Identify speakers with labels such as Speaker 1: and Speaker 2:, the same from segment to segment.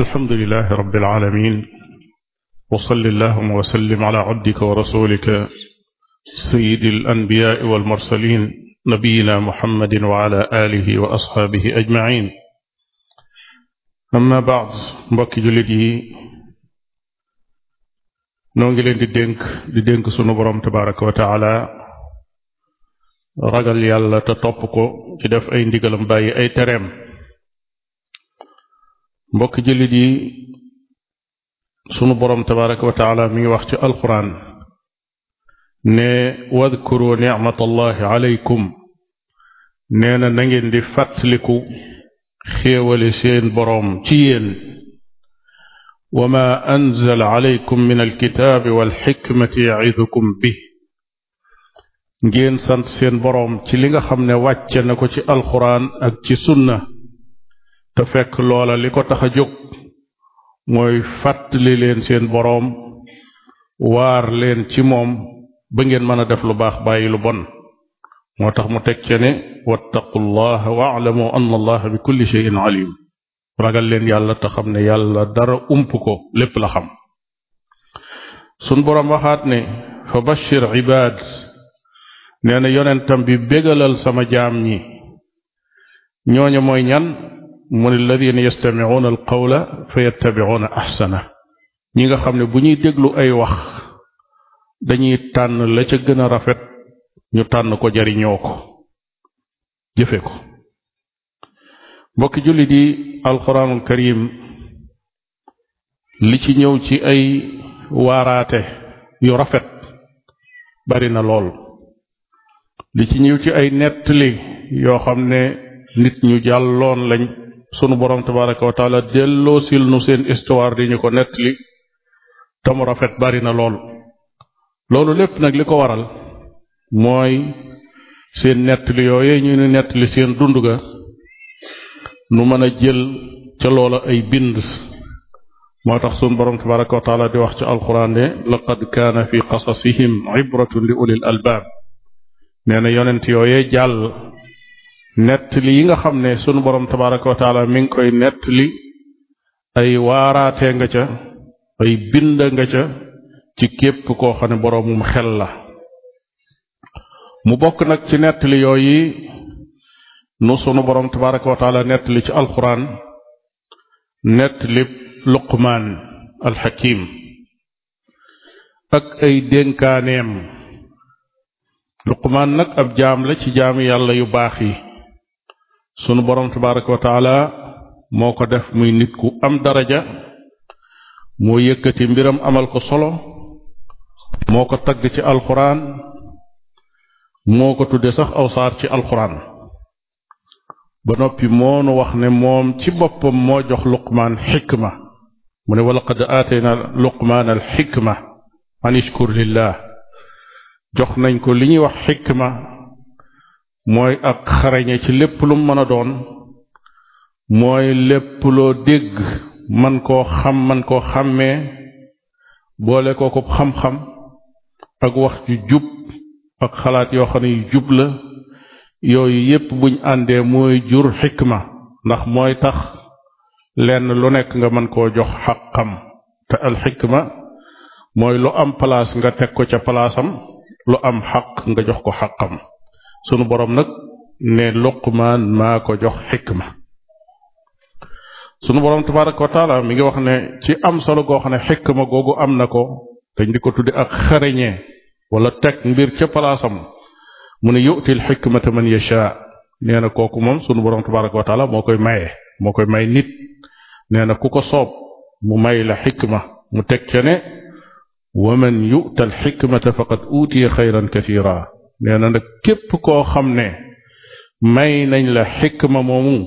Speaker 1: alhamdulilahi rabbil aalamiin wa salli allaahumma wa sallim ala abdika wa rasulika sayyidil anbiyaa'i wal mursaliin nabiyyinaa muhammadin wa ala aalihi wa asxaabihi ajma'iin amma ba'd mbokki jullit yi noo ngi leen di dénk di dénk sunu boroom tabaaraka wa taala ragal yàlla te topp ko ci def ay ndigalam bàyyi ay tereem mbokki jullit yi sunu boroom tabaraka wa taala mi ngi wax ci alquran ne wadkuru nicmatallahi alaykum nee na na ngeen di fàttaliku xéewale seen boroom ci yéen wa ma anzala alaykum min alkitaabi walxikmati yacidukum bi ngeen sant seen boroom ci li nga xam ne wàcce na ko ci alquran ak ci sunna te fekk loola li ko tax a jóg mooy fàttali leen seen boroom waar leen ci moom ba ngeen mën a def lu baax bàyyi lu bon moo tax mu teg ce ne wattaqullaha waalamu anna allaha bi kulli shay'in alim ragal leen yàlla te xam ne yàlla dara ump ko lépp la xam sun boroom waxaat ne fa bashir ibaad nee na yonentam bi bégalal sama jaam ñi ñooñu mooy ñan mu ne alladina yastamicuuna alqawla fa yattabicuuna axsana ñi nga xam ne bu ñuy déglu ay wax dañuy tànn la ca gën a rafet ñu tànn ko jariñoo ko jëfe ko mbokki julli di alquranul karim li ci ñëw ci ay waaraate yu rafet bari na lool li ci ñëw ci ay nett nettali yoo xam ne nit ñu jàlloon lañ sunu borom tabaraka wa taala delloo sil nu seen histoire di ñu ko nettali te rafet bari na lool loolu lépp nag li ko waral mooy seen nettali yooye ñu ni nettali seen dund nu mën a jël ca loola ay bind moo tax sunu borom tabaraka wa taala di wax ci alquran ne laqad kaana fi qasasihim ibratun li ulil albaab nee na yonent yooye jàll nettali yi nga xam ne sunu borom tabaraka wa mi ngi koy nettali ay waaraate nga ca ay bind nga ca ci képp koo xam ne boroomum xel la mu bokk nag ci nettali yooyu nu sunu borom tabaraka wa ci alquran nettali luqmaan alxakim ak ay dénkaaneem luqmaan nag ab jaam la ci jaami yàlla yu baax yi sunu borom tabaraka wa taala moo ko def muy nit ku am daraja moo yëkkati mbiram amal ko solo moo ko tagg ci alxuraan moo ko tudde sax aw saar ci alxuraan ba noppi moonu wax ne moom ci boppam moo jox luqmaan xikma mu ne walaqad aatayna luqmaan alxikma an ishkur lillah jox nañ ko li ñuy wax xikma mooy ak xarañe ci lépp lu mën a doon mooy lépp loo dégg man koo xam man koo xàmmee boole ko ko xam-xam ak wax ju jub ak xalaat yoo xam ne yu jub la yooyu yépp buñ àndee mooy jur xikma ndax mooy tax lenn lu nekk nga mën koo jox xaqam te al xikma mooy lu am place nga teg ko ca palaasam lu am xaq nga jox ko xaqam sunu borom nag ne Luqmaan maa ko jox xikma sunu borom tabaraka wa taala mi ngi wax ne ci am solo goo xam ne xikma googu am na ko dañ di ko tudde ak xarañee wala teg mbir ca palaasam mu ne yu'til xikmata man yasha nee na kooku moom sunu borom tabaraka wa taala moo koy maye moo koy may nit nee na ku ko soob mu may la xikma mu teg ca ne wa man yu'tal xikmata faqad utiya xayran kathiira nee na nag képp koo xam ne may nañ la ma moomu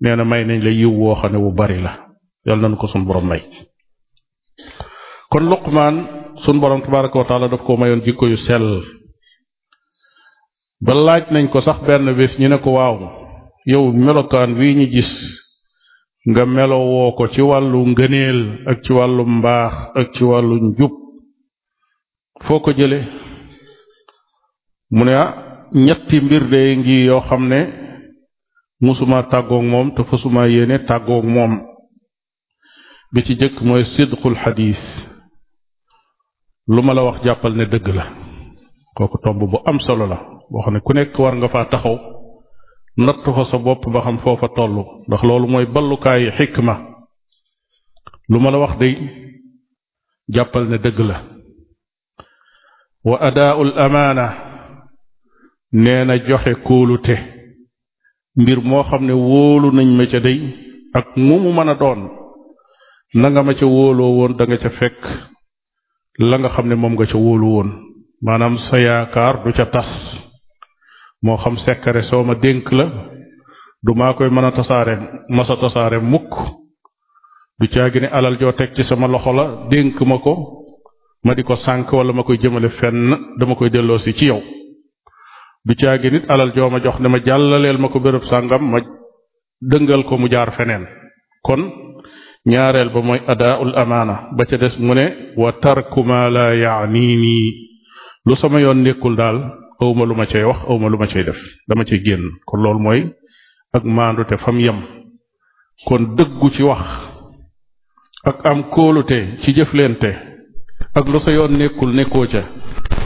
Speaker 1: nee na may nañ la yiw woo xam ne wu bari la yàlla nañu ko sun borom may kon luqmaan sun borom tabaraka wa taala daf koo mayoon jikko yu sell ba laaj nañ ko sax benn bés ñu ne ko waaw yow melokaan wii ñu gis nga melowoo ko ci wàllu ngëneel ak ci wàllu mbaax ak ci wàllu njub foo ko jële mu ne ah ñetti mbir de ngi yoo xam ne musuma tàggoog moom te fasuma yéene tàggoog moom bi ci jëkk mooy sidqul xadiis lu ma la wax jàppal ne dëgg la kooku tomb bu am solo la boo xam ne ku nekk war nga faa taxaw nattu ko sa bopp ba xam foofa tollu ndax loolu mooy ballukaayu ma lu ma la wax de jàppal ne dëgg la wa adaa'ul amaana nee na joxe kóolute mbir moo xam ne wóolu nañ ma ca day ak mu mu mën a doon na nga ma ca wóoloo woon danga ca fekk la nga xam ne moom nga ca wóolu woon maanaam sa yaakaar du ca tas moo xam sekkare soo ma dénk la du maa koy mën a tasaare masa tasaare mukk du caagi ne alal joo teg ci sama loxo la dénk ma ko ma di ko sànk wala ma koy jëmale fenn dama koy delloosi ci yow du caagi nit alal joo ma jox ne ma jàllaleel ma ko béréb sàngam ma dëngal ko mu jaar feneen kon ñaareel ba mooy adaaul amaana ba ca des mu ne wa tarku ma la nii lu sama yoon nekkul daal awma lu ma cay wax awma lu ma cay def dama cay génn kon loolu mooy ak maandu te fam yem kon dëggu ci wax ak am kóolute ci jëflente ak lu sa yoon nekkul nekkoo ca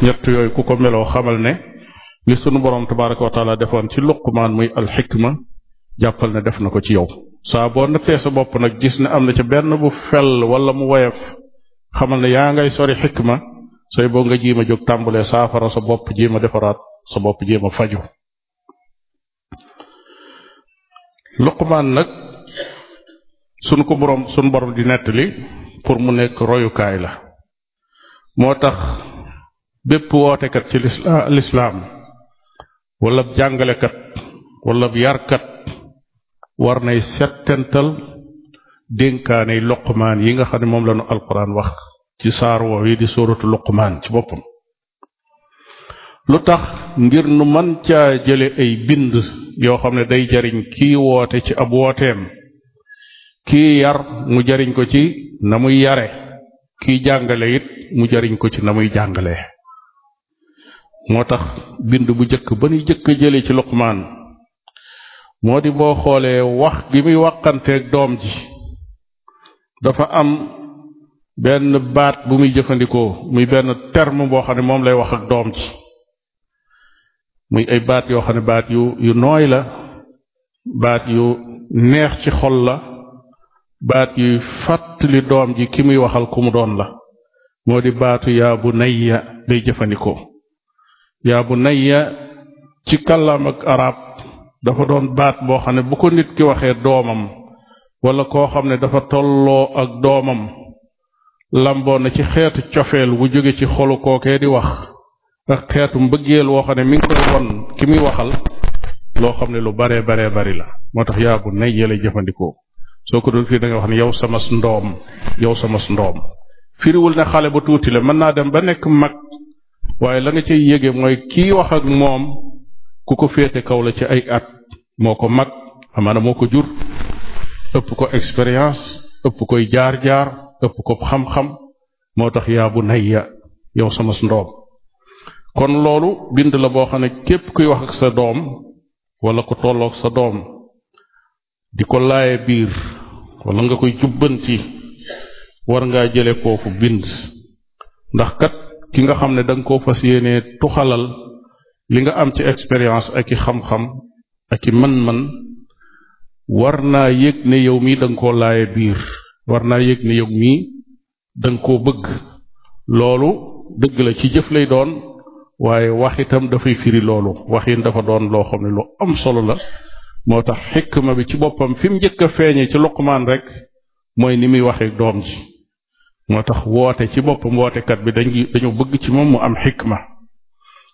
Speaker 1: ñett yooyu ku ko meloo xamal ne li sunu borom tabaraka wa taala defoon ci luqmaan muy alxikma jàppal na def na ko ci yow saa boo nattee sa bopp nag gis ne am na ca benn bu fel wala mu woyof xamal ne yaa ngay sori xikma sooy boo nga jiima jóg tàmbalee saafara sa bopp jéem a defaraat sa bopp jéem a faju luqmaan nag sunu ko borom sunu borom di nettali pour mu nekk royukaay la moo tax bépp wootekat ci lislaam wala jàngalekat wala yarkat war nay settental dénkaane loqumaan yi nga xam ne moom la nu alquran wax ci saar woow yi di suuratu luqmaan ci boppam lu tax ngir nu mën caa jële ay bind yoo xam ne day jariñ kii woote ci ab wooteem kii yar mu jariñ ko ci na muy yare kii jàngale it mu jariñ ko ci na muy jàngale moo tax bind bu jëkk ba nu jëkk jële ci luqmaan moo di boo xoolee wax gi muy waqanteeg doom ji dafa am benn baat bu muy jëfandikoo muy benn terme boo xam ne moom lay wax ak doom ji muy ay baat yoo xam ne baat yu yu nooy la baat yu neex ci xol la baat yuy fàttali doom ji ki muy waxal ku mu doon la moo di baatu yaa bu nayya lay jëfandikoo yaa bu ya ci kàllaam ak arab dafa doon baat boo xam ne bu ko nit ki waxee doomam wala koo xam ne dafa tolloo ak doomam lamboo na ci xeetu cofeel wu jóge ci xolu kookee di wax ak xeetu mbëggeel woo xam ne mi ngi koy won ki muy waxal loo xam ne lu baree baree bari la moo tax yaa bu nayya lay jëfandikoo soo ko doon fii da wax ne yow sama ndoom yow sama ndoom firiwul ne xale bu tuuti la mën naa dem ba nekk mag waaye la nga cay yége mooy kii wax ak moom ku ko féete kaw la ci ay at moo ko mag amaana moo ko jur ëpp ko expérience ëpp koy jaar-jaar ëpp ko xam-xam moo tax yaa bu nayya yow sama ndoom kon loolu bind la boo xam ne képp kuy wax sa doom wala ko tollook sa doom di ko laaye biir wala nga koy jubbanti war ngaa jële foofu bind ndax kat ki nga xam ne danga nga koo fas yéenee tuxalal li nga am ci expérience ak i xam-xam ak i man-man war naa yëg ne yow mii da koo laaye biir war naa yëg ne yow mii da koo bëgg loolu dëgg la ci jëf lay doon waaye wax itam dafay firi loolu wax waxin dafa doon loo xam ne lu am solo la moo tax ma bi ci boppam fi mu njëkk a feeñe ci Luqmaan rek mooy ni muy waxee doom ji moo tax woote ci boppam wootekat bi dañu dañu bëgg ci moom mu am xikma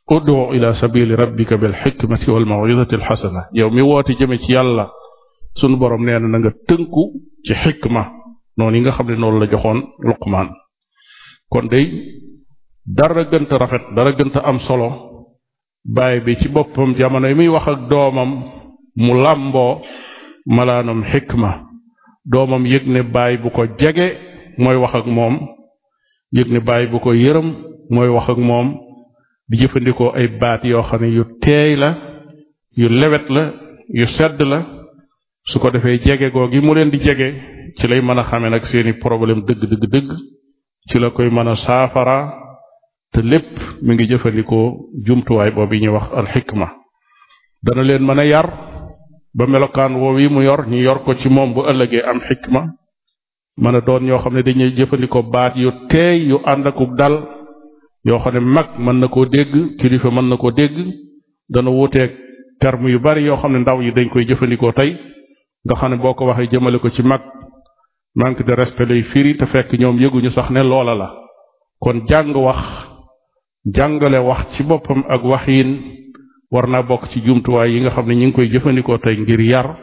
Speaker 1: uddu ila sabili rabbika bil xikmati wal mawidati al xasana yow mi woote jëme ci yàlla sunu boroom nee na na nga tënku ci xikma noonu yi nga xam ne noonu la joxoon luqmaan kon day dara gënta rafet dara gënta am solo baay bi ci boppam jamono yi muy wax ak doomam mu làmboo malaanam xikma doomam yëg ne baay bu ko jege mooy wax ak moom yëg ne bàyyi bu koy yërëm mooy wax ak moom di jëfandikoo ay baat yoo xam ne yu teey la yu lewet la yu sedd la su ko defee jege googi mu leen di jege ci lay mën a xamee nag seeni problème dëgg dëgg dëgg ci la koy mën a saafara te lépp mu ngi jëfandikoo jumtuwaay boobu ñuy wax alxikma dana leen mën a yar ba melokaan woo yi mu yor ñu yor ko ci moom bu ëllëgee am xikma mën a doon ñoo xam ne dañuy jëfandikoo baat yu teey yu ànd akub dal yoo xam ne mag mën na koo dégg kilifa mën na koo dégg dana wuuteeg terme yu bari yoo xam ne ndaw yi dañ koy jëfandikoo tey nga xam ne boo ko waxee jëmale ko ci mag manque de respect lay firi te fekk ñoom yëguñu sax ne loola la kon jàng wax jàngale wax ci boppam ak waxiin war naa bokk ci jumtuwaay yi nga xam ne ñu ngi koy jëfandikoo tey ngir yar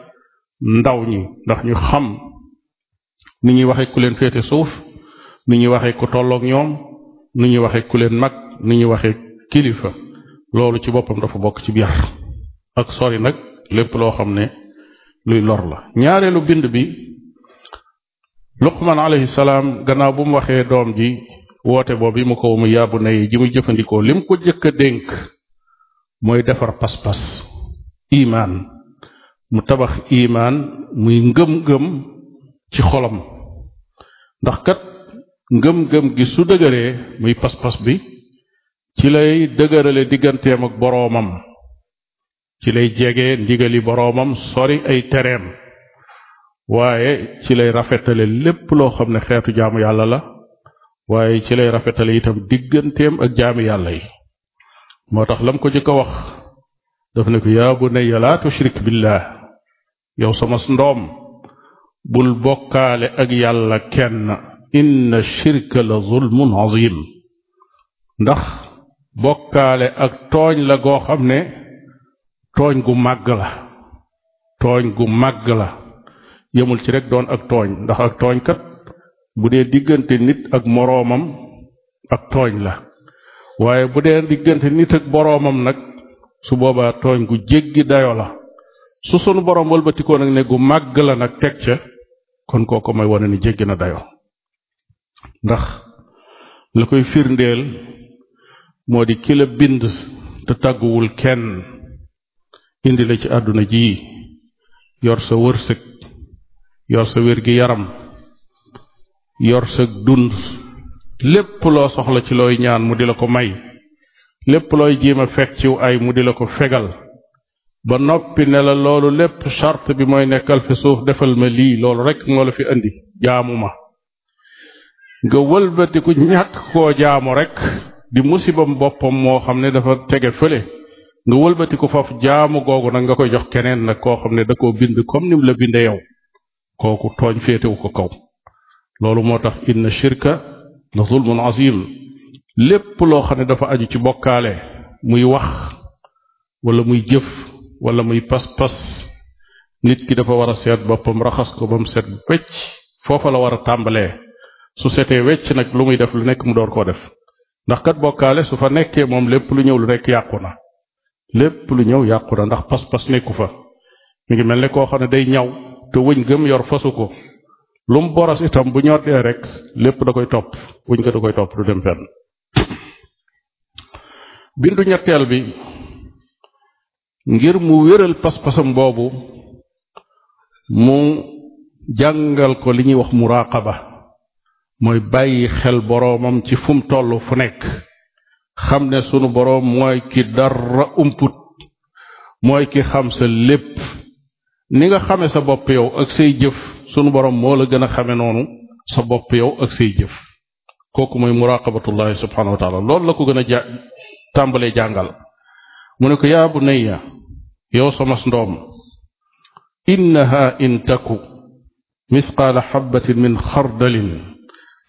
Speaker 1: ndaw ñi ndax ñu xam ni ñuy waxee ku leen féete suuf ni ñuy waxee ku tolloog ñoom ni ñuy waxee ku leen mag ni ñuy waxee kilifa loolu ci boppam dafa bokk ci biir ak sori nag lépp loo xam ne luy lor la ñaareelu bind bi luqman alayhi salaam gannaaw bu mu waxee doom ji woote boobu mu ko mu yàbbu nay ji mu jëfandikoo li mu ko jëkk a dénk mooy defar pas-pas imaan mu tabax iimaan muy ngëm-ngëm ci xolam ndax kat ngëm-ngëm gi su dëgëree muy pas-pas bi ci lay dëgërale digganteem ak boroomam ci lay jege ndigali boroomam sori ay tereem waaye ci lay rafetale lépp loo xam ne xeetu jaamu yàlla la waaye ci lay rafetale itam digganteem ak jaami yàlla yi moo tax lam ko jëkk a wax daf ne ko yaa bunayya laa tushrik billah yow sama ndoom bul bokkaale ak yàlla kenn inna shirka la zulmun azim ndax bokkaale ak tooñ la goo xam ne tooñ gu màgg la tooñ gu màgg la yëmul ci rek doon ak tooñ ndax ak tooñ kat bu dee diggante nit ak moroomam ak tooñ la waaye bu dee diggante nit ak boroomam nag su boobaa tooñ gu jéggi dayo la su sunu boroom walbatikoo nag ne gu màgg la nag teg ca kon kooku may wane ni jéggi na dayo ndax la koy firndeel moo di ki bind te tàgguwul kenn indi la ci àdduna ji yor sa wërsëg yor sa wér gi yaram yor sa dund lépp loo soxla ci looy ñaan mu di la ko may lépp looy jéem a fekk ciw ay mu di la ko fegal ba noppi ne la loolu lépp charte bi mooy nekkal fi suuf defal ma lii loolu rek moo la fi indi jaamu ma nga wëlbatiku ñàkk koo jaamu rek di musibam boppam moo xam ne dafa tege fële nga wëlbatiku foofu jaamu googu nag nga koy jox keneen nag koo xam ne da koo bind comme ni mu la bindee yow kooku tooñ féetewu ko kaw loolu moo tax inna shirka la zulmun azim lépp loo xam ne dafa aju ci bokkaale muy wax wala muy jëf wala muy pas-pas nit ki dafa war a seet boppam raxas ko ba mu set wecc foofa la war a tàmbalee su setee wecc nag lu muy def lu nekk mu door koo def ndax boo kaale su fa nekkee moom lépp lu ñëw lu nekk yàqu na lépp lu ñëw yàqu na ndax pas-pas nekku fa mu ngi mel ne koo xam ne day ñaw te wëñ gëm yor fasu ko lu mu boros itam bu ñoddee rek lépp da koy topp wëñ ko da koy topp du dem fenn bindu ñetteel bi ngir mu wéral pas-pasam boobu mu jàngal ko li ñuy wax muraqaba mooy bàyyi xel boroomam ci fum mu toll fu nekk xam ne sunu boroom mooy ki dara umput mooy ki xam sa lépp ni nga xame sa bopp yow ak say jëf sunu borom moo la gën a xame noonu sa bopp yow ak say jëf kooku mooy muraqabatullahi subhanahu wa taala loolu la ko gën a ja tàmbalee jàngal mu ne ko yaa bunayya yow somas ndoom innaha in taku misqaala xabatin min xardalin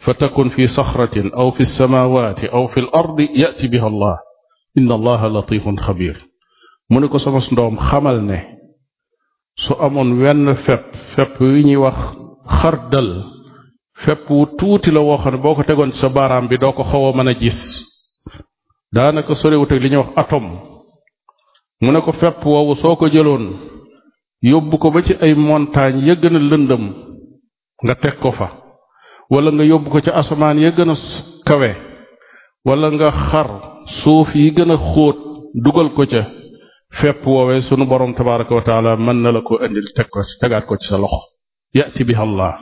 Speaker 1: fa takun fi saxratin aw fi samawaati aw fi l ardi yati biha allah inna allaha latifun xabir mu ne ko somas ndoom xamal ne su amoon wenn fepp fepp wi ñuy wax xardal fepp wu tuuti la woo boo ko tegoon sa baaraam bi doo ko xaw a mën a gis daanaka sorewut ak li ñuy wax atome mu ne ko fepp woowu soo ko jëloon yóbbu ko ba ci ay montagne ya gën a lëndëm nga teg ko fa wala nga yóbbu ko ci asamaan ya gën a kawe wala nga xar suuf yi gën a xóot dugal ko ca fepp woowee sunu borom tabaraka wa taala mën na la ko indil teg ko tegaat ko ci sa loxo yati biha allah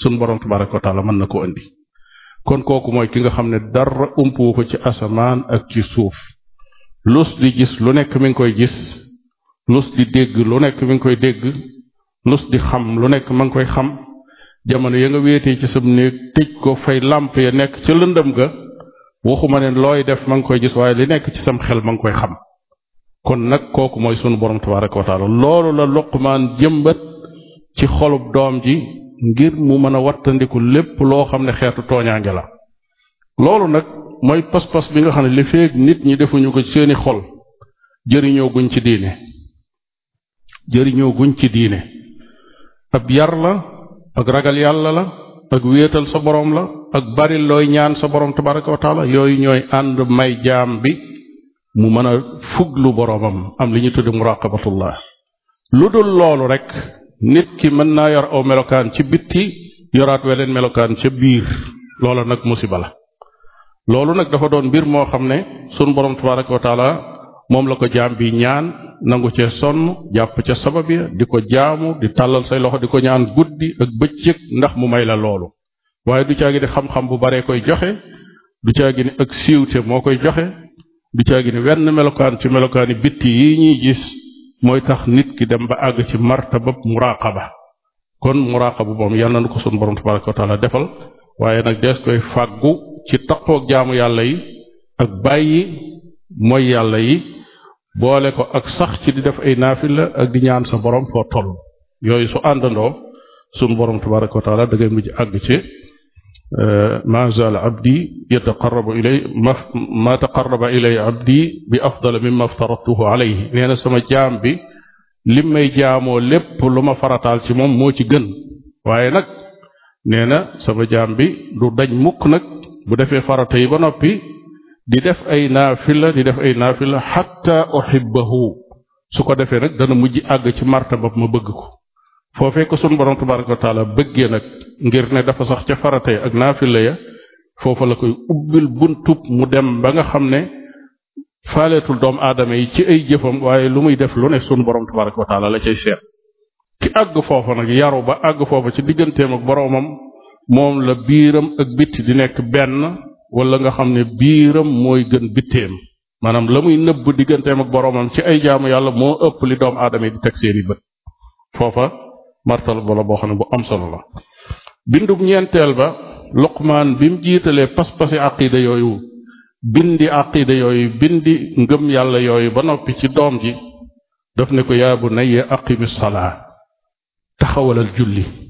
Speaker 1: sunu borom tabaraka wa taala mën na ko indi kon kooku mooy ki nga xam ne dara umpuwu ko ci asamaan ak ci suuf lus di gis lu nekk mi ngi koy gis lus di dégg lu nekk mi ngi koy dégg lus di xam lu nekk ma ngi koy xam jamono ya nga wéetee ci sam néeg tëj ko fay làmp ya nekk ca lëndam ga waxuma ne looy def ma ngi koy gis waaye li nekk ci sam xel ma ngi koy xam kon nag kooku mooy sunu borom tabaraka wa taala loolu la luqmaan jëmbat ci xolub doom ji ngir mu mën a wattandiku lépp loo xam ne xeetu tooñaange la loolu nag mooy pas-pas bi nga xam ne li feeg nit ñi defuñu ko seeni xol jëriñoo guñ ci diine jëriñoo guñ ci diine ab yar la ak ragal yàlla la ak wéetal sa boroom la ak bari looy ñaan sa boroom tabaraka wa taala yooyu ñooy ànd may jaam bi mu mën a fuglu boroomam am li ñu tudde muraqabatullah lu dul loolu rek nit ki mën naa yor aw melokaan ci bitti yoraat weleen melokaan ca biir loola nag musiba la loolu nag dafa doon mbir moo xam ne sunu borom tabaraka wa taala moom la ko jaam bi ñaan nangu cee sonn jàpp ca sabab ya di ko jaamu di tàllal say loxo di ko ñaan guddi ak bëccëg ndax mu may la loolu waaye du caagi ne xam-xam bu baree koy joxe du caagi ne ak siiwte moo koy joxe du caagi ne wenn melokaan ci melokaani bitti yi ñuy gis mooy tax nit ki dem ba àgg ci martabab muraqaba kon muraqaba moom yal na nu ko sunu borom tabaraka wa taala defal waaye nag dees koy ci taqoog jaamu yàlla yi ak bàyyi mooy yàlla yi boole ko ak sax ci di def ay naafila ak di ñaan sa borom foo toll yooyu su àndandoo sun borom tabaraka wa taala da ngay mujj àgg ci eh, ma zaala abdi yataqarrabu ilay ma maata taqarraba ilay abdi bi afdal mimma aftaradtuhu alayhi nee na sama jaam bi lim may jaamoo lépp lu ma farataal ci moom moo ci gën waaye nag nee na sama jaam bi du dañ mukk nag bu defee farata yi ba noppi di def ay naafila di def ay naafila xatta uhibbahu su ko defee nag dana mujj àgg ci martabab ma bëgg ko foofee ko sunu borom tabaraka wa taala bëggee nag ngir ne dafa sax ca farata ya ak naafila ya foofa la koy ubbil buntub mu dem ba nga xam ne faaleetul doomu aadama yi ci ay jëfam waaye lu muy def lu ne sunu borom tabaraka wa la cay seet ki àgg foofa nag yaru ba àgg foofa ci digganteem ak boroomam moom la biiram ak bitti di nekk benn wala nga xam ne biiram mooy gën bitteem maanaam la muy nëbb digganteem ak boroomam ci ay jaamu yàlla moo ëpp li doom aadama yi di teg seeni bët foofa martal bala boo xam ne bu am solo la bindub ñeenteel ba luqmaan bi mu jiitalee pas-pasi aqida yooyu bindi aqida yooyu bindi ngëm yàlla yooyu ba noppi ci doom ji daf ne ko yaa bu nayya aqimi salaa taxawalal julli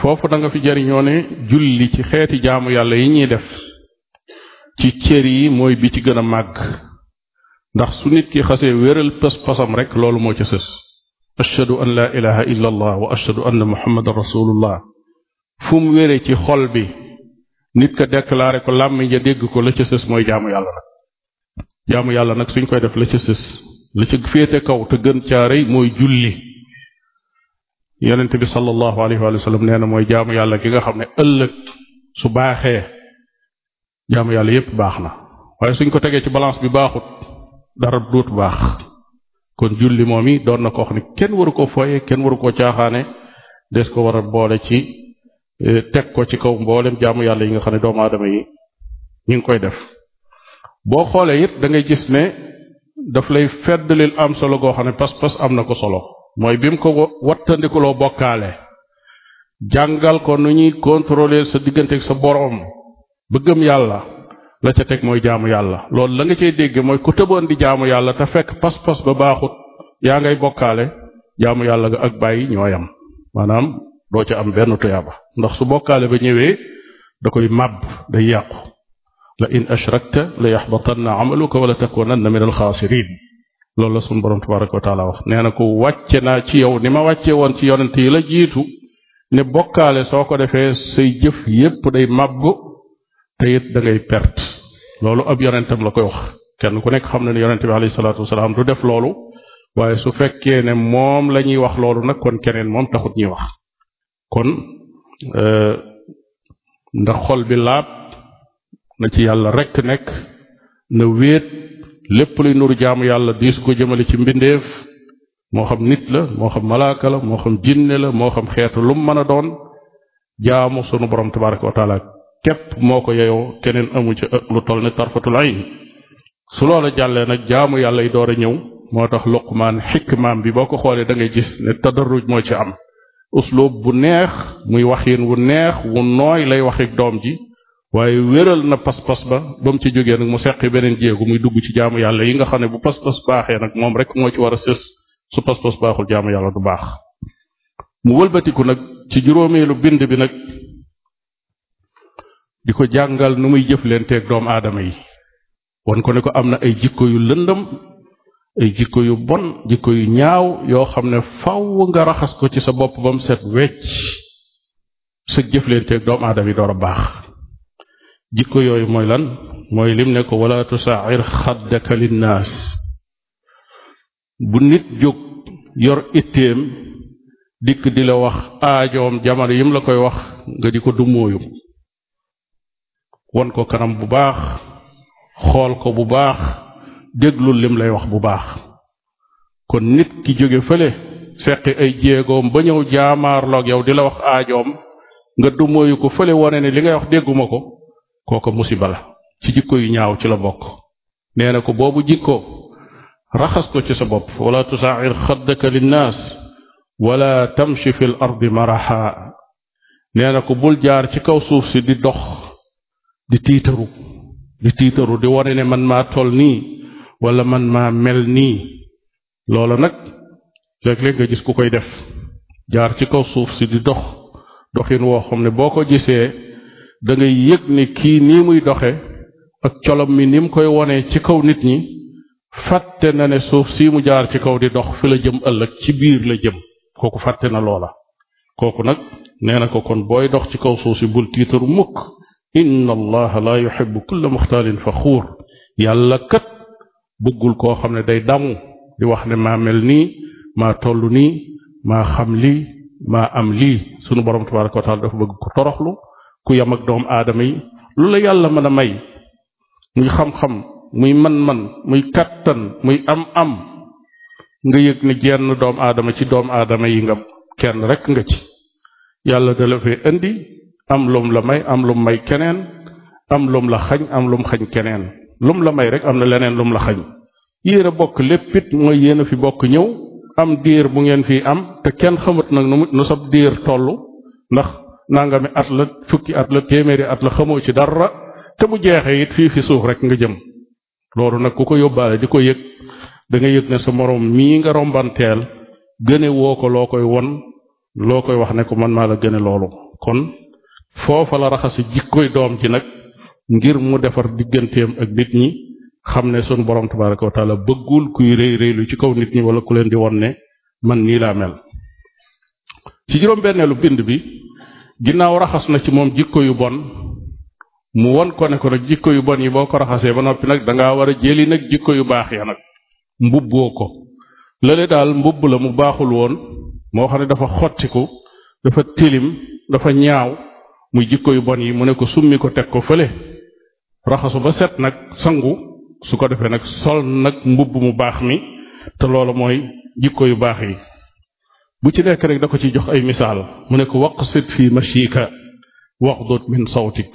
Speaker 1: foofu danga fi jariñoo ne julli ci xeeti jaamu yàlla yi ñuy def ci cër yi mooy bi ci gën a màgg ndax su nit ki xasee wéral pas-pasam rek loolu moo ca sës ashhadu an la ilaha illa allah wa ashhadu anna muhammadan rasulullah fu mu wéree ci xol bi nit ka déclaré ko làmmiñ ja dégg ko la ca sës mooy jaamu yàlla nag jaamu yàlla nag suñ koy def la ca sës la ca féete kaw te gën caa rëy mooy julli yonent bi sallallahu alayhi wa sallam nee na mooy jaamu yàlla ki nga xam ne ëllëg su baaxee jaamu yàlla yépp baax na waaye suñ ko tegee ci balance bi baaxut dara duut baax kon julli moom yi doon na ko wax ne kenn waru koo fooyee kenn waru koo caaxaane des ko waral a boole ci e, teg ko ci kaw mboolem jaamu yàlla yi nga xam ne doomu aadama yi ñu ngi koy def boo xoolee yit da ngay gis ne daf lay feddlil am solo goo xam ne pas-pas am na ko solo mooy bi mu ko wattandikuloo bokkaale jàngal ko nu ñuy contrôler sa digganteeg sa boroom bëggam yàlla la ca teg mooy jaamu yàlla loolu la nga cay dégg mooy ku tëboon di jaamu yàlla te fekk pas-pas ba baaxut yaa ngay bokkaale jaamu yàlla ga ak bàyyi ñooyam maanaam doo ca am benn tuyaaba ndax su bokkaale ba ñëwee da koy màbb day yàqu la in ashrakta la yaxbatanna amaluka wala takunanna min alxaasirin loolu la sunu borom tabaraka wa wax nee na ko wàcce naa ci yow ni ma wàcce woon ci yonent yi la jiitu ne bokkaale soo ko defee say jëf yépp day màbb te dangay da perte loolu ab yonentam la koy wax kenn ku nekk xam na ne yonent bi alayhi salaatu wasalaam du def loolu waaye su fekkee ne moom la ñuy wax loolu nag kon keneen moom taxut ñuy wax kon euh, ndax xol bi laab na ci yàlla rekk nekk na wéet lépp luy nuru jaamu yàlla diis ko jëmale ci mbindeef moo xam nit la moo xam malaaka la moo xam jinne la moo xam xeetu lum mën a doon jaamu sunu borom tabaraka képp moo ko yeyoo keneen amu ca lu toll ne tarfatul ayn su loola jàllee nag jaamu yàlla yi door a ñëw moo tax luqmaan xikmaam bi boo ko xoolee da ngay gis ne tadarruj moo ci am uslub bu neex muy wax waxin wu neex wu nooy lay waxik doom ji waaye wéral na pas-pas ba ba mu ci jógee nag mu seqi beneen jéegu muy dugg ci jaamu yàlla yi nga xam ne bu pas-pas baaxee nag moom rek moo ci war a sës su pas-pas baaxul jaamu yàlla du baax mu wëlbatiku nag ci juróomeelu bind bi nag di ko jàngal nu muy jëf jëflanteeg doomu aadama yi wan ko ne ko am na ay jikko yu lëndëm ay jikko yu bon jikko yu ñaaw yoo xam ne faw nga raxas ko ci sa bopp ba mu set wecc sa teeg doomu aadama yi door a baax jikko yooyu mooy lan mooy lim ne ko wala tusaacir xaddaka linnaas bu nit jóg yor itteem dikk di la wax aajoom jamono yim la koy wax nga di ko dummóoyu won ko kanam bu baax xool ko bu baax déglul lim lay wax bu baax kon nit ki jóge fële seqi ay jéegoom ba ñëw jaamaarloog yow di la wax aajoom nga dummóoyu ko fële wone ne li ngay wax dégguma ko kooko musiba la ci jikko yu ñaaw ci la bokk nee na ko boobu jikko raxas ko ci sa bopp wala tusaacir xaddaka linnaas wala tamshi fi ardi maraxa nee na ko bul jaar ci kaw suuf si di dox di tiitaru di tiitaru di wane ne man maa toll nii walla man maa mel nii loola nag léeg-léeg nga gis ku koy def jaar ci kaw suuf si di dox doxin woo xam ne boo ko gisee da ngay yëg ne kii nii muy doxe ak colom mi ni mu koy wonee ci kaw nit ñi fàtte na ne suuf sii mu jaar ci kaw di dox fi la jëm ëllëg ci biir la jëm kooku fàtte na loola kooku nag nee na ko kon booy dox ci kaw suuf si bul tiitaru mukk inna allaha la yuxibu kulla muxtaalin faxuur yàlla kat bëggul koo xam ne day damu di wax ne maa mel nii maa toll nii maa xam lii maa am lii sunu borom tabaraka wa taala dafa bëgg ko toroxlu ku yam ak doomu aadama yi lu la yàlla mën a may muy xam-xam muy man-man muy kattan muy am-am nga yëg ne jenn doomu aadama ci doomu aadama yi nga kenn rek nga ci yàlla da la indi am lum la may am lum may keneen am lum la xañ am lum xañ keneen lum la may rek am na leneen lum la xañ yéen bokk lépp it mooy yéen a fi bokk ñëw am diir bu ngeen fi am te kenn xamut nag nu nu sab diir tollu ndax nangami at la fukki at la téeméeri at la xamoo ci dara te bu jeexee it fii fi suuf rek nga jëm loolu nag ku ko yóbbaale di ko yëg da nga yëg ne sa moroom mii nga rombanteel gëne woo ko loo koy won loo koy wax ne ko man maa la gëne loolu kon foofa la raxasi jikkoy doom ji nag ngir mu defar digganteem ak nit ñi xam ne sunu borom tabaraka wa taala bëggul kuy réy réylu ci kaw nit ñi wala ku leen di won ne man nii laa mel ci juróom benneelu bind bi ginnaaw raxas na ci moom jikko yu bon mu won ko ne ko nag jikko yu bon yi boo ko raxasee ba noppi nag dangaa war a jélli nag jikko yu baax ya nag mbubboo ko lële daal mbubb la mu baaxul woon moo xam ne dafa xottiku dafa tilim dafa ñaaw mu jikko yu bon yi mu ne ko summi ko teg ko fële raxasu ba set nag sangu su ko defee nag sol nag mbubb mu baax mi te loolu mooy jikko yu baax yi bu ci nekk rek da ko ci jox ay misaal mu ne ko waqsit fi mashika waxdut min sawtik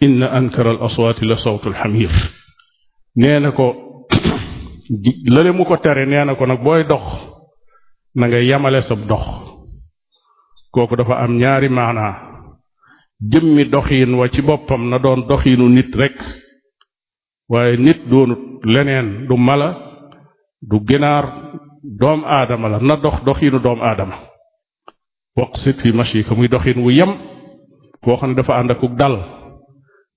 Speaker 1: inna ankara al aswaati la sawtu alxamir nee na ko lale mu ko tere nee na ko nag booy dox na nga yamale sa dox kooku dafa am ñaari maanaa jëmmi doxiin wa ci boppam na doon doxiinu nit rek waaye nit doonut leneen du mala du ginaar doom aadama la na dox doxiinu doom aadama waqsit fi mashika muy doxiin wu yem boo xam ne dafa ànd akuk dal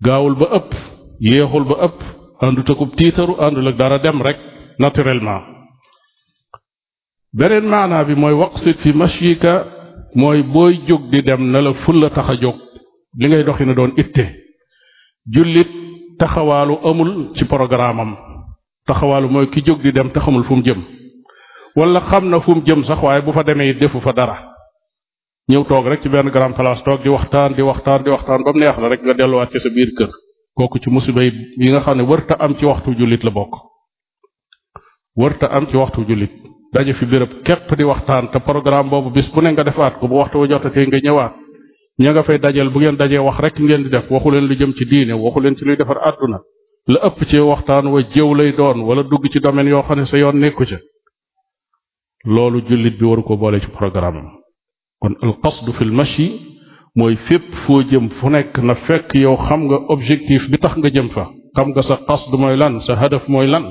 Speaker 1: gaawul ba ëpp yéexul ba ëpp àndut akub tiitaru àndul ak dara dem rek naturellement beneen maanaa bi mooy waqsit fi mashika mooy booy jóg di dem na la fulla tax a jóg li ngay doxi na doon itte jullit taxawaalu amul ci programme am taxawaalu mooy ki jóg di dem te xamul fu mu jëm wala xam na fu mu jëm sax waaye bu fa demee it defu fa dara ñëw toog rek ci benn grand place toog di waxtaan di waxtaan di ba mu neex la rek nga delluwaat ci sa biir kër kooku ci musiba yi nga xam ne wërta am ci waxtu jullit la bokk wërta am ci waxtu jullit daje fi béréb képp di waxtaan te programme boobu bis bu ne nga defaat ko bu waxtu wa jotatee nga ñëwaat ña nga fay dajal bu ngeen dajee wax rek ngeen di def waxu leen lu jëm ci diine waxu leen ci luy defar àdduna la ëpp ci waxtaan wa jëw lay doon wala dugg ci domaine yoo xam ne sa yoon nekku ca loolu jullit bi waru ko boole ci programme kon al qasdu fi l mashi mooy fépp foo jëm fu nekk na fekk yow xam nga objectif bi tax nga jëm fa xam nga sa qasdu mooy lan sa hadaf mooy lan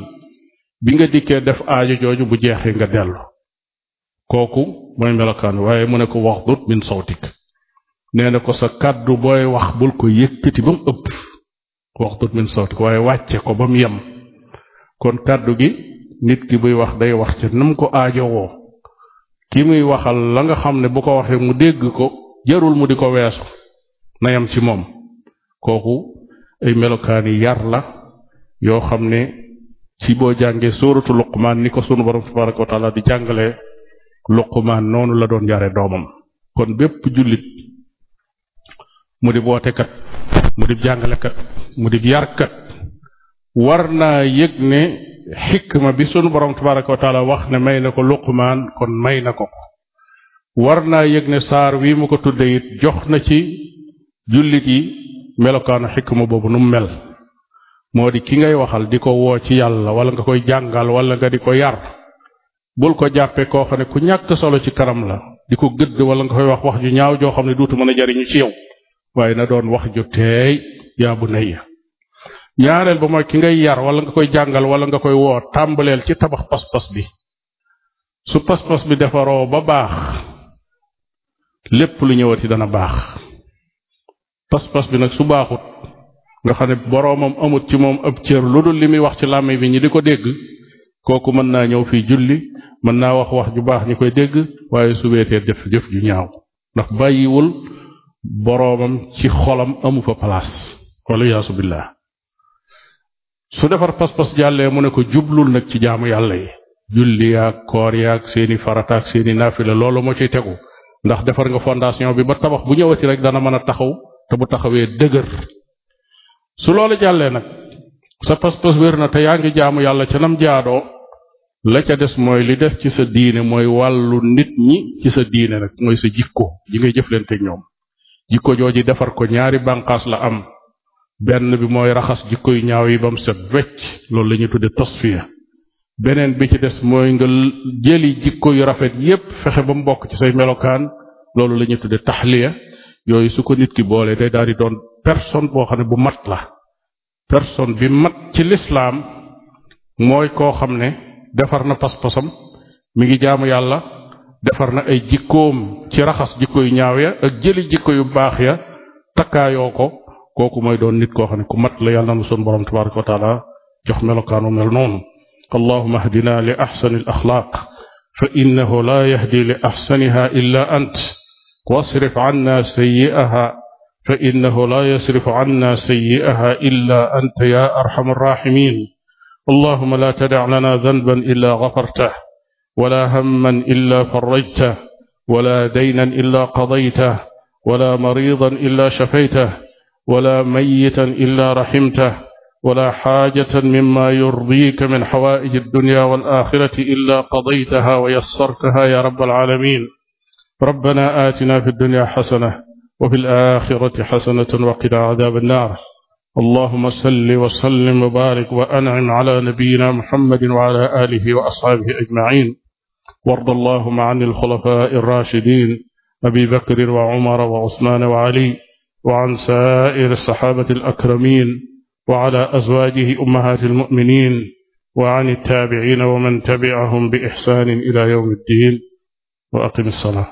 Speaker 1: bi nga dikkee def aajo jooju bu jeexee nga dellu kooku mooy melokaan waaye mu ne ko waxdut min sawtik nee ne ko sa kàddu booy wax bul ko yëkkati ba mu ëpp waxdut min sawtik waaye wàcce ko ba mu yem kon kàddu gi nit ki buy wax day wax ci nam ko woo kii muy waxal la nga xam ne bu ko waxee mu dégg ko jarul mu di ko weesu na yam ci moom kooku ay melokaani yar la yoo xam ne ci boo jàngee suuratu luqmaan ni ko sunu borom tabaraka wa taala di jàngalee luqmaan noonu la doon yare doomam kon bépp jullit mu di wootekat mu di jàngalekat mu di yarkat war naa yëg ne xikma bi sunu borom tabaraka wa taala wax ne may na ko luqmaan kon may na ko war naa yëg ne saar wi mu ko tudde it jox na ci jullit yi melokaanu ma boobu nu mu mel moo di ki ngay waxal di ko woo ci yàlla wala nga koy jàngal wala nga di ko yar bul ko jàppee koo xam ne ku ñàkk solo ci kanam la di ko gëdd wala nga koy wax wax ju ñaaw joo xam ne duutu mën a jariñu ci yow waaye na doon wax ju teey yaa bu nayya ñaareel ba mooy ki ngay yar wala nga koy jàngal wala nga koy woo tàmbaleel ci tabax pas-pas bi su pas-pas bi defaroo ba baax lépp lu ñëwati dana baax pas-pas bi nag su baaxut nga xam ne boroomam amut ci moom ab cër lu dul li muy wax ci làmmiñ bi ñi di ko dégg kooku mën naa ñëw fii julli mën naa wax wax ju baax ñu koy dégg waaye su weetee def jëf ju ñaaw ndax bàyyiwul boroomam ci xolam amu fa place wala yaasu billah su defar pas-pas jàllee mu ne ko jublul nag ci jaamu yàlla yi julli yaag koor yaag seeni farataak seeni naafila loolu moo ciy tegu ndax defar nga fondation bi ba tabax bu ñëwati rek dana mën a taxaw te bu taxawee dëgër su loolu jàllee nag sa pas-pas wér na te yaa ngi jaamu yàlla ca nam jaadoo la ca des mooy li def ci sa diine mooy wàllu nit ñi ci sa diine nag mooy sa jikko ji ngay jëflante ñoom jikko jooji defar ko ñaari bànqaas la am benn bi mooy raxas jikko yu ñaaw yi ba mu set wecc loolu la ñuy tudde tasfiya beneen bi ci des mooy nga jëli jikko yu rafet yépp fexe ba mu bokk ci say melokaan loolu lañuy ñuy tudde taxliya yooyu su ko nit ki boolee day daal di doon personne boo xam ne bu mat la personne bi mat ci lislaam mooy koo xam ne defar na pas-pasam mi ngi jaamu yàlla defar na ay jikkoom ci raxas jikko yu ñaaw ya ak jëli jikko yu baax ya takkaayoo ko kooku mooy doon nit koo xam ne ku mat la yàlla na sunu borom tabaraka wa taala jox melokaanu mel noonu allahuma ahdina li axsani al axlaaq fa innahu la yahdi li axsaniha illa ant wasrif anna sayi'aha fa innahu la yasrifu anna sayi'aha illa anta ya arxam arraximin allahuma la tadac lana danban illa gafartah wala hamman illa farajtah wala daynan illa qadaytah wala maridan illa shafaytah ولا ميتا إلا رحمته ولا حاجة مما يرضيك من حوائج الدنيا والآخرة إلا قضيتها ويسرتها يا رب العالمين ربنا آتنا في الدنيا حسنة وفي الآخرة حسنة وقنا عذاب النار اللهم صل وسلم وبارك وأنعم على نبينا محمد وعلى آله وأصحابه أجمعين وارض اللهم عن الخلفاء الراشدين أبي بكر وعمر وعثمان وعلي وعن سائر الصحابة الأكرمين وعلى أزواجه أمهات المؤمنين وعن التابعين ومن تبعهم بإحسان إلى يوم الدين وأقم الصلاة